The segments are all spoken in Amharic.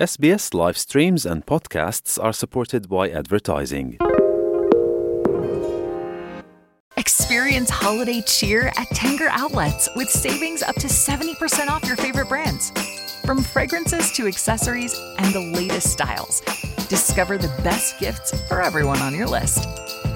SBS live streams and podcasts are supported by advertising. Experience holiday cheer at Tanger Outlets with savings up to 70% off your favorite brands. From fragrances to accessories and the latest styles, discover the best gifts for everyone on your list.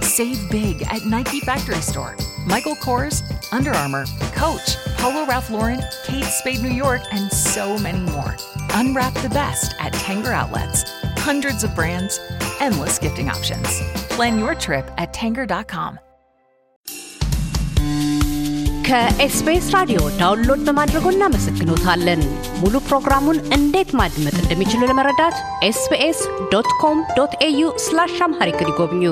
Save big at Nike Factory Store, Michael Kors, Under Armour, Coach Polo Ralph Lauren, Kate Spade New York, and so many more. Unwrap the best at Tanger Outlets. Hundreds of brands, endless gifting options. Plan your trip at tanger.com. ከኤስቢኤስ ራዲዮ ዳውንሎድ በማድረጎ እናመሰግኖታለን። ሙሉ ፕሮግራሙን እንዴት ማድመጥ እንደሚችሉ ለመረዳት ኤስቢኤስ ዶት ኮም ዶት ኤዩ ስላሽ አምሃሪክ ይጎብኙ።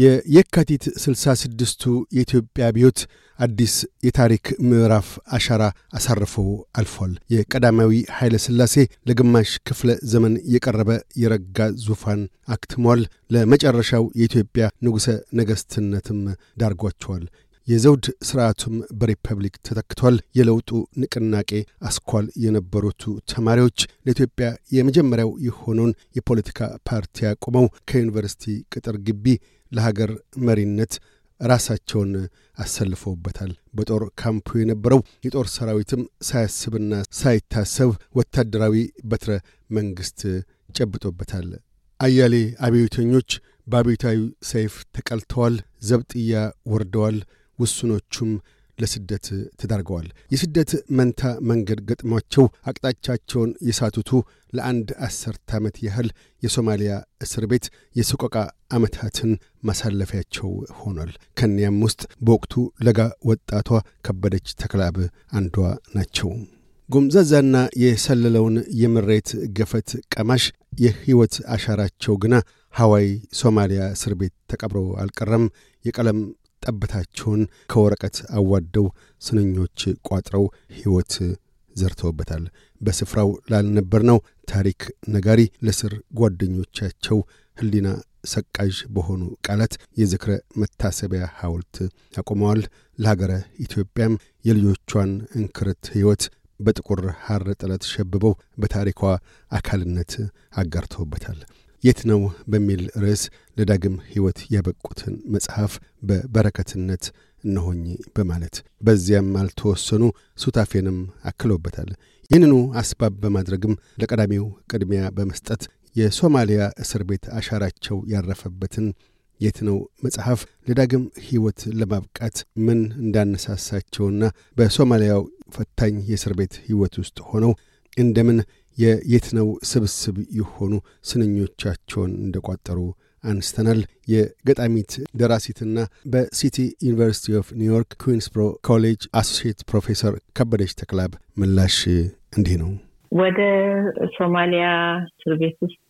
የየካቲት 66ቱ የኢትዮጵያ አብዮት አዲስ የታሪክ ምዕራፍ አሻራ አሳርፎ አልፏል። የቀዳማዊ ኃይለ ሥላሴ ለግማሽ ክፍለ ዘመን የቀረበ የረጋ ዙፋን አክትሟል። ለመጨረሻው የኢትዮጵያ ንጉሠ ነገሥትነትም ዳርጓቸዋል። የዘውድ ስርዓቱም በሪፐብሊክ ተተክቷል። የለውጡ ንቅናቄ አስኳል የነበሩቱ ተማሪዎች ለኢትዮጵያ የመጀመሪያው የሆነውን የፖለቲካ ፓርቲ አቁመው ከዩኒቨርስቲ ቅጥር ግቢ ለሀገር መሪነት ራሳቸውን አሰልፈውበታል። በጦር ካምፑ የነበረው የጦር ሰራዊትም ሳያስብና ሳይታሰብ ወታደራዊ በትረ መንግሥት ጨብጦበታል። አያሌ አብዮተኞች በአብዮታዊ ሰይፍ ተቀልተዋል፣ ዘብጥያ ወርደዋል። ውሱኖቹም ለስደት ተዳርገዋል። የስደት መንታ መንገድ ገጥሟቸው አቅጣጫቸውን የሳቱቱ ለአንድ አሠርተ ዓመት ያህል የሶማሊያ እስር ቤት የሰቆቃ ዓመታትን ማሳለፊያቸው ሆኗል። ከኒያም ውስጥ በወቅቱ ለጋ ወጣቷ ከበደች ተክላብ አንዷ ናቸው። ጎምዛዛና የሰለለውን የምሬት ገፈት ቀማሽ የሕይወት አሻራቸው ግና ሐዋይ ሶማሊያ እስር ቤት ተቀብሮ አልቀረም። የቀለም ጠብታቸውን ከወረቀት አዋደው ስንኞች ቋጥረው ሕይወት ዘርተውበታል። በስፍራው ላልነበርነው ታሪክ ነጋሪ ለስር ጓደኞቻቸው ሕሊና ሰቃዥ በሆኑ ቃላት የዝክረ መታሰቢያ ሐውልት አቁመዋል። ለሀገረ ኢትዮጵያም የልጆቿን እንክርት ሕይወት በጥቁር ሐር ጥለት ሸብበው በታሪኳ አካልነት አጋርተውበታል። የት ነው በሚል ርዕስ ለዳግም ሕይወት ያበቁትን መጽሐፍ በበረከትነት እነሆኝ በማለት በዚያም አልተወሰኑ ሱታፌንም አክለውበታል። ይህንኑ አስባብ በማድረግም ለቀዳሚው ቅድሚያ በመስጠት የሶማሊያ እስር ቤት አሻራቸው ያረፈበትን የት ነው መጽሐፍ ለዳግም ሕይወት ለማብቃት ምን እንዳነሳሳቸውና በሶማሊያው ፈታኝ የእስር ቤት ሕይወት ውስጥ ሆነው እንደምን የየት ነው ስብስብ የሆኑ ስንኞቻቸውን እንደቋጠሩ አንስተናል። የገጣሚት ደራሲትና በሲቲ ዩኒቨርሲቲ ኦፍ ኒውዮርክ ኩዊንስብሮ ኮሌጅ አሶሴት ፕሮፌሰር ከበደች ተክላብ ምላሽ እንዲህ ነው። ወደ ሶማሊያ እስር ቤት ውስጥ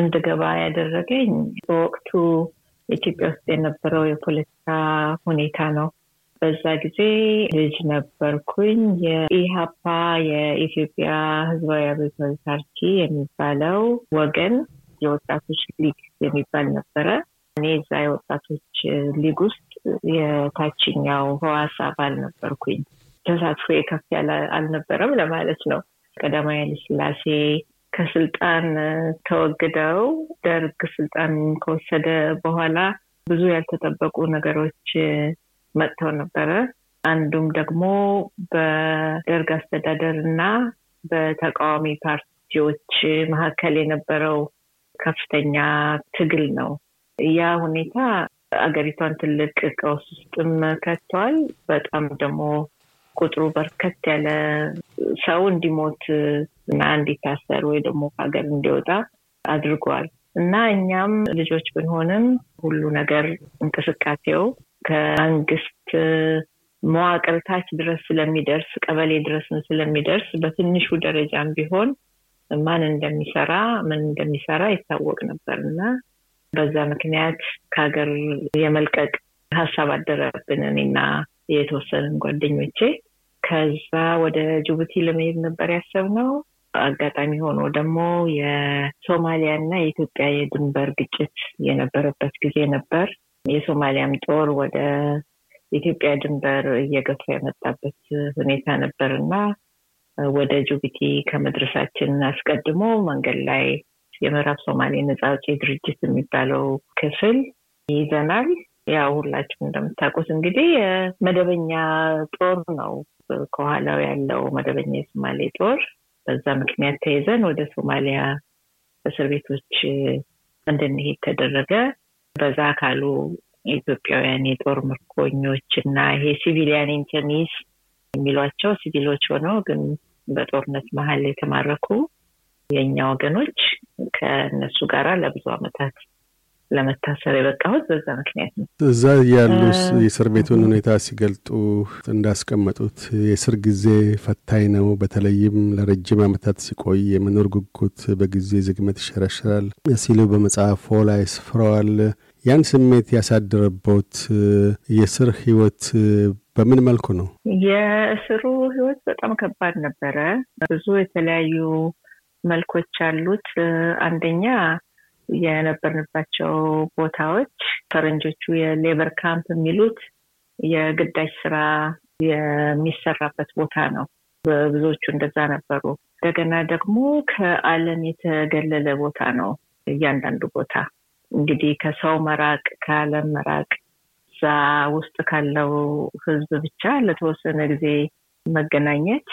እንድገባ ያደረገኝ በወቅቱ ኢትዮጵያ ውስጥ የነበረው የፖለቲካ ሁኔታ ነው። በዛ ጊዜ ልጅ ነበርኩኝ። የኢሀፓ የኢትዮጵያ ህዝባዊ አብዮታዊ ፓርቲ የሚባለው ወገን የወጣቶች ሊግ የሚባል ነበረ። እኔ እዛ የወጣቶች ሊግ ውስጥ የታችኛው ህዋስ አባል ነበርኩኝ። ተሳትፎ የከፍ ያለ አልነበረም ለማለት ነው። ቀዳማዊ ኃይለ ከስልጣን ተወግደው ደርግ ስልጣን ከወሰደ በኋላ ብዙ ያልተጠበቁ ነገሮች መጥተው ነበረ። አንዱም ደግሞ በደርግ አስተዳደር እና በተቃዋሚ ፓርቲዎች መካከል የነበረው ከፍተኛ ትግል ነው። ያ ሁኔታ አገሪቷን ትልቅ ቀውስ ውስጥም ከቷል። በጣም ደግሞ ቁጥሩ በርከት ያለ ሰው እንዲሞት እና እንዲታሰር ወይ ደግሞ ከሀገር እንዲወጣ አድርጓል እና እኛም ልጆች ብንሆንም ሁሉ ነገር እንቅስቃሴው ከመንግስት መዋቅር ታች ድረስ ስለሚደርስ ቀበሌ ድረስ ነው ስለሚደርስ በትንሹ ደረጃም ቢሆን ማን እንደሚሰራ ምን እንደሚሰራ ይታወቅ ነበር እና በዛ ምክንያት ከሀገር የመልቀቅ ሀሳብ አደረብን እኔና የተወሰንን ጓደኞቼ ከዛ ወደ ጅቡቲ ለመሄድ ነበር ነው። አጋጣሚ ሆኖ ደግሞ የሶማሊያ እና የኢትዮጵያ የድንበር ግጭት የነበረበት ጊዜ ነበር የሶማሊያም ጦር ወደ ኢትዮጵያ ድንበር እየገፋ የመጣበት ሁኔታ ነበር እና ወደ ጅቡቲ ከመድረሳችን አስቀድሞ መንገድ ላይ የምዕራብ ሶማሌ ነጻ አውጪ ድርጅት የሚባለው ክፍል ይዘናል። ያው ሁላችሁም እንደምታውቁት እንግዲህ መደበኛ ጦር ነው ከኋላው ያለው መደበኛ የሶማሌ ጦር። በዛ ምክንያት ተይዘን ወደ ሶማሊያ እስር ቤቶች እንድንሄድ ተደረገ። በዛ ካሉ ኢትዮጵያውያን የጦር ምርኮኞች እና ይሄ ሲቪሊያን ኢንተርኒስ የሚሏቸው ሲቪሎች ሆነው ግን በጦርነት መሀል የተማረኩ የእኛ ወገኖች ከእነሱ ጋራ ለብዙ አመታት ለመታሰር የበቃሁት በዛ ምክንያት ነው። እዛ ያሉ የእስር ቤቱን ሁኔታ ሲገልጡ እንዳስቀመጡት የእስር ጊዜ ፈታኝ ነው። በተለይም ለረጅም አመታት ሲቆይ የመኖር ጉጉት በጊዜ ዝግመት ይሸረሸራል ሲሉ በመጽሐፎ ላይ ስፍረዋል። ያን ስሜት ያሳደረበት የስር ህይወት በምን መልኩ ነው? የእስሩ ህይወት በጣም ከባድ ነበረ። ብዙ የተለያዩ መልኮች አሉት። አንደኛ የነበርንባቸው ቦታዎች ፈረንጆቹ የሌበር ካምፕ የሚሉት የግዳጅ ስራ የሚሰራበት ቦታ ነው። ብዙዎቹ እንደዛ ነበሩ። እንደገና ደግሞ ከአለም የተገለለ ቦታ ነው እያንዳንዱ ቦታ እንግዲህ ከሰው መራቅ፣ ከአለም መራቅ፣ እዛ ውስጥ ካለው ህዝብ ብቻ ለተወሰነ ጊዜ መገናኘት፣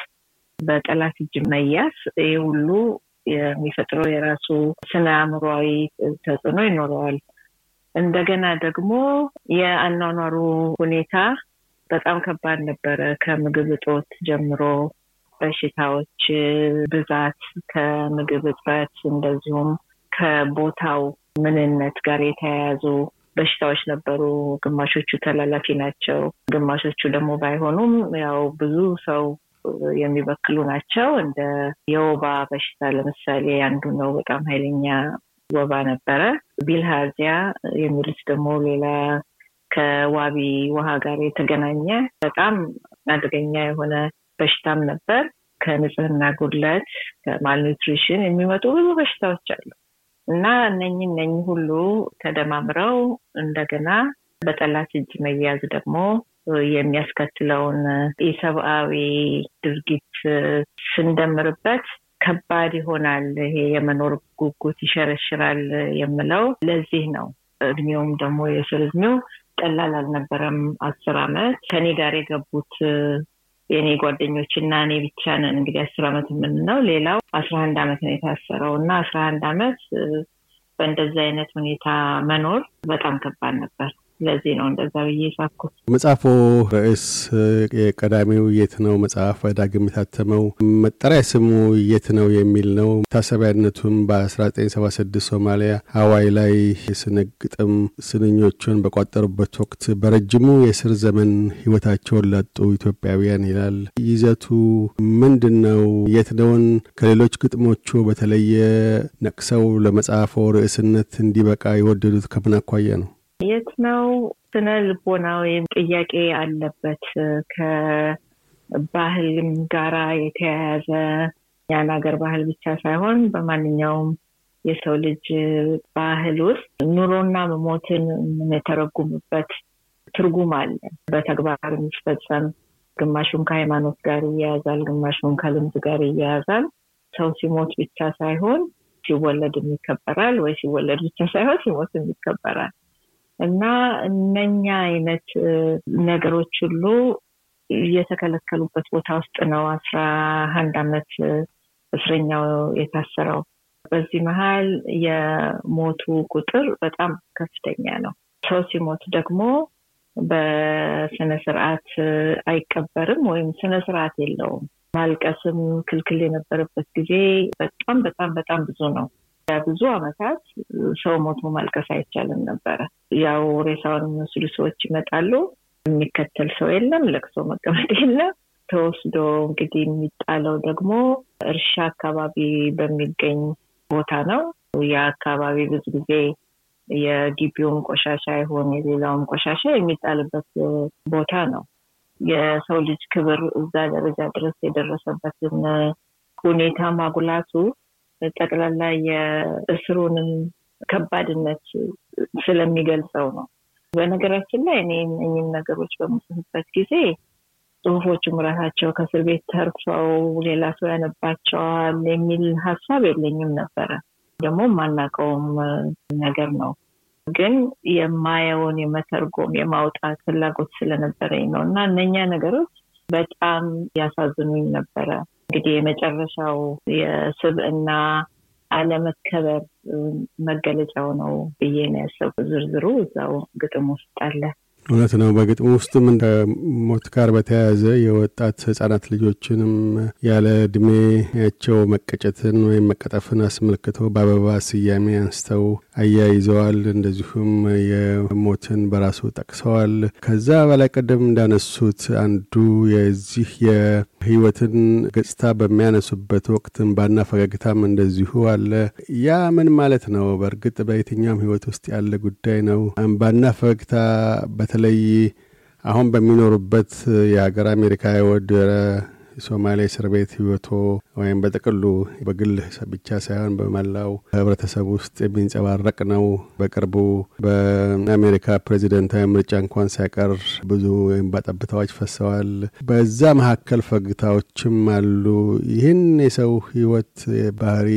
በጠላት እጅ መያዝ፣ ይህ ሁሉ የሚፈጥረው የራሱ ስነ አእምሯዊ ተጽዕኖ ይኖረዋል። እንደገና ደግሞ የአኗኗሩ ሁኔታ በጣም ከባድ ነበረ። ከምግብ እጦት ጀምሮ በሽታዎች ብዛት፣ ከምግብ እጥረት እንደዚሁም ከቦታው ምንነት ጋር የተያያዙ በሽታዎች ነበሩ። ግማሾቹ ተላላፊ ናቸው፣ ግማሾቹ ደግሞ ባይሆኑም ያው ብዙ ሰው የሚበክሉ ናቸው። እንደ የወባ በሽታ ለምሳሌ አንዱ ነው። በጣም ኃይለኛ ወባ ነበረ። ቢልሃርዚያ የሚሉት ደግሞ ሌላ ከዋቢ ውሃ ጋር የተገናኘ በጣም አደገኛ የሆነ በሽታም ነበር። ከንጽህና ጉድለት፣ ከማልኒትሪሽን የሚመጡ ብዙ በሽታዎች አሉ። እና እነኚህ እነኝ ሁሉ ተደማምረው እንደገና በጠላት እጅ መያዝ ደግሞ የሚያስከትለውን የሰብአዊ ድርጊት ስንደምርበት ከባድ ይሆናል። ይሄ የመኖር ጉጉት ይሸረሽራል የምለው ለዚህ ነው። እድሜውም ደግሞ የስር እድሜው ቀላል አልነበረም። አስር አመት ከኔ ጋር የገቡት የእኔ ጓደኞች እና እኔ ብቻ ነን እንግዲህ አስር አመት የምንለው ሌላው አስራ አንድ አመት ነው የታሰረው እና አስራ አንድ አመት በእንደዚህ አይነት ሁኔታ መኖር በጣም ከባድ ነበር ስለዚህ ነው እንደዛ ብዬ ሳኩት። መጽሐፎ ርዕስ የቀዳሚው የት ነው መጽሐፍ ዳግም የታተመው መጠሪያ ስሙ የት ነው የሚል ነው። ታሰቢያነቱም በ1976 ሶማሊያ ሀዋይ ላይ የስነ ግጥም ስንኞቹን በቋጠሩበት ወቅት በረጅሙ የስር ዘመን ህይወታቸውን ላጡ ኢትዮጵያውያን ይላል። ይዘቱ ምንድን ነው? የት ነውን ከሌሎች ግጥሞቹ በተለየ ነቅሰው ለመጽሐፎ ርዕስነት እንዲበቃ የወደዱት ከምን አኳያ ነው? የት ነው ስነ ልቦናዊ ጥያቄ አለበት። ከባህልም ጋራ የተያያዘ ያን ሀገር ባህል ብቻ ሳይሆን በማንኛውም የሰው ልጅ ባህል ውስጥ ኑሮና መሞትን የምንተረጉምበት ትርጉም አለ። በተግባር የሚፈጸም ግማሹን ከሃይማኖት ጋር ይያያዛል፣ ግማሹን ከልምድ ጋር ይያያዛል። ሰው ሲሞት ብቻ ሳይሆን ሲወለድ የሚከበራል ወይ ሲወለድ ብቻ ሳይሆን ሲሞት የሚከበራል። እና እነኛ አይነት ነገሮች ሁሉ የተከለከሉበት ቦታ ውስጥ ነው አስራ አንድ አመት እስረኛው የታሰረው። በዚህ መሀል የሞቱ ቁጥር በጣም ከፍተኛ ነው። ሰው ሲሞት ደግሞ በስነ ስርዓት አይቀበርም ወይም ስነ ስርዓት የለውም። ማልቀስም ክልክል የነበረበት ጊዜ በጣም በጣም በጣም ብዙ ነው። ለብዙ አመታት ሰው ሞቶ ማልቀስ አይቻልም ነበረ። ያው ሬሳውን የሚወስዱ ሰዎች ይመጣሉ። የሚከተል ሰው የለም። ለቅሶ መቀመጥ የለም። ተወስዶ እንግዲህ የሚጣለው ደግሞ እርሻ አካባቢ በሚገኝ ቦታ ነው። ያ አካባቢ ብዙ ጊዜ የግቢውም ቆሻሻ ይሆን የሌላውም ቆሻሻ የሚጣልበት ቦታ ነው። የሰው ልጅ ክብር እዛ ደረጃ ድረስ የደረሰበትን ሁኔታ ማጉላቱ ጠቅላላ የእስሩንም ከባድነት ስለሚገልጸው ነው። በነገራችን ላይ እኔ እኚህን ነገሮች በምጽፍበት ጊዜ ጽሁፎቹም ራሳቸው ከእስር ቤት ተርፈው ሌላ ሰው ያነባቸዋል የሚል ሀሳብ የለኝም ነበረ። ደግሞ የማናውቀውም ነገር ነው። ግን የማየውን የመተርጎም የማውጣት ፍላጎት ስለነበረኝ ነው እና እነኛ ነገሮች በጣም ያሳዝኑኝ ነበረ። እንግዲህ የመጨረሻው የስብዕና አለመከበር መገለጫው ነው ብዬ ነው ያሰብኩት። ዝርዝሩ እዛው ግጥም ውስጥ አለ። እውነት ነው። በግጥሙ ውስጥም እንደ ሞት ጋር በተያያዘ የወጣት ህጻናት ልጆችንም ያለ እድሜያቸው መቀጨትን ወይም መቀጠፍን አስመልክቶ በአበባ ስያሜ አንስተው አያይዘዋል። እንደዚሁም የሞትን በራሱ ጠቅሰዋል። ከዛ በላይ ቅድም እንዳነሱት አንዱ የዚህ ህይወትን ገጽታ በሚያነሱበት ወቅት እንባና ፈገግታም እንደዚሁ አለ። ያ ምን ማለት ነው? በእርግጥ በየትኛውም ህይወት ውስጥ ያለ ጉዳይ ነው። ባና ፈገግታ በተለይ አሁን በሚኖሩበት የሀገር አሜሪካ የወደረ የሶማሌ እስር ቤት ህይወቶ ወይም በጥቅሉ በግል ብቻ ሳይሆን በመላው ህብረተሰብ ውስጥ የሚንጸባረቅ ነው። በቅርቡ በአሜሪካ ፕሬዚደንታዊ ምርጫ እንኳን ሳይቀር ብዙ የእንባ ጠብታዎች ፈሰዋል። በዛ መካከል ፈግታዎችም አሉ። ይህን የሰው ህይወት ባህሪ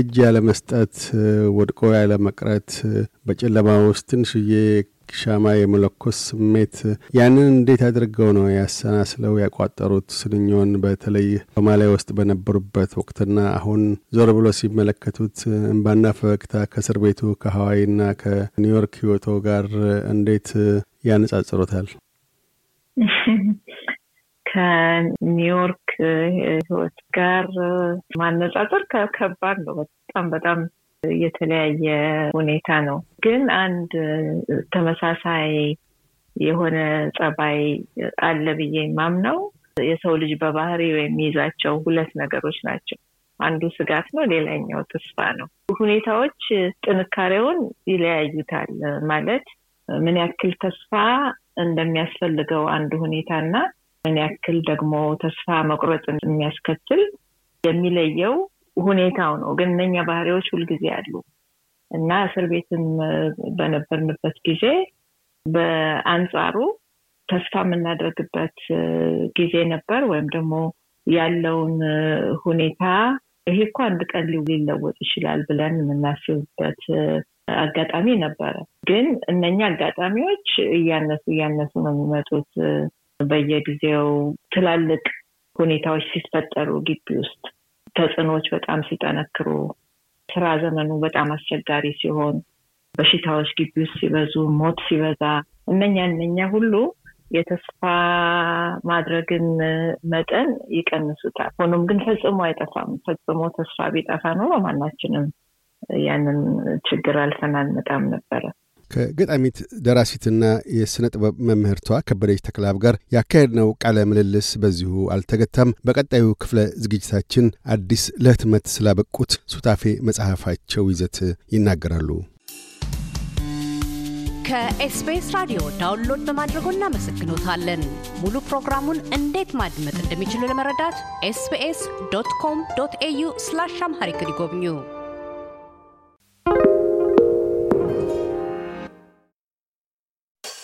እጅ ያለመስጠት፣ ወድቆ ያለመቅረት፣ በጨለማ ውስጥ ትንሽዬ ሻማ የመለኮስ ስሜት ያንን እንዴት አድርገው ነው ያሰናስለው ያቋጠሩት? ስንኞን በተለይ ሶማሊያ ውስጥ በነበሩበት ወቅትና አሁን ዞር ብሎ ሲመለከቱት እንባና ፈገግታ ከእስር ቤቱ ከሀዋይና ከኒውዮርክ ህይወቶ ጋር እንዴት ያነጻጽሩታል? ከኒውዮርክ ህይወት ጋር ማነጻጸር ከባድ ነው። በጣም በጣም የተለያየ ሁኔታ ነው። ግን አንድ ተመሳሳይ የሆነ ጸባይ አለ ብዬ የማምነው የሰው ልጅ በባህሪ የሚይዛቸው ሁለት ነገሮች ናቸው። አንዱ ስጋት ነው፣ ሌላኛው ተስፋ ነው። ሁኔታዎች ጥንካሬውን ይለያዩታል። ማለት ምን ያክል ተስፋ እንደሚያስፈልገው አንድ እና ምን ያክል ደግሞ ተስፋ መቁረጥ የሚያስከትል የሚለየው ሁኔታው ነው። ግን እነኛ ባህሪዎች ሁልጊዜ አሉ እና እስር ቤትም በነበርንበት ጊዜ በአንጻሩ ተስፋ የምናደርግበት ጊዜ ነበር ወይም ደግሞ ያለውን ሁኔታ ይሄ እኮ አንድ ቀን ሊለወጥ ይችላል ብለን የምናስብበት አጋጣሚ ነበረ። ግን እነኛ አጋጣሚዎች እያነሱ እያነሱ ነው የሚመጡት። በየጊዜው ትላልቅ ሁኔታዎች ሲፈጠሩ ግቢ ውስጥ ተጽዕኖዎች በጣም ሲጠነክሩ፣ ስራ ዘመኑ በጣም አስቸጋሪ ሲሆን፣ በሽታዎች ግቢ ውስጥ ሲበዙ፣ ሞት ሲበዛ፣ እነኛ እነኛ ሁሉ የተስፋ ማድረግን መጠን ይቀንሱታል። ሆኖም ግን ፈጽሞ አይጠፋም። ፈጽሞ ተስፋ ቢጠፋ ኖሮ ማናችንም ያንን ችግር አልፈን አንመጣም ነበረ። ከገጣሚት ደራሲትና የሥነ ጥበብ መምህርቷ ከበደች ተክላብ ጋር ያካሄድነው ቃለ ምልልስ በዚሁ አልተገታም። በቀጣዩ ክፍለ ዝግጅታችን አዲስ ለህትመት ስላበቁት ሱታፌ መጽሐፋቸው ይዘት ይናገራሉ። ከኤስቢኤስ ራዲዮ ዳውንሎድ በማድረጎ እናመሰግኖታለን። ሙሉ ፕሮግራሙን እንዴት ማድመጥ እንደሚችሉ ለመረዳት ኤስቢኤስ ዶት ኮም ዶት ኤዩ ስላሽ አምሃሪክ ይጎብኙ።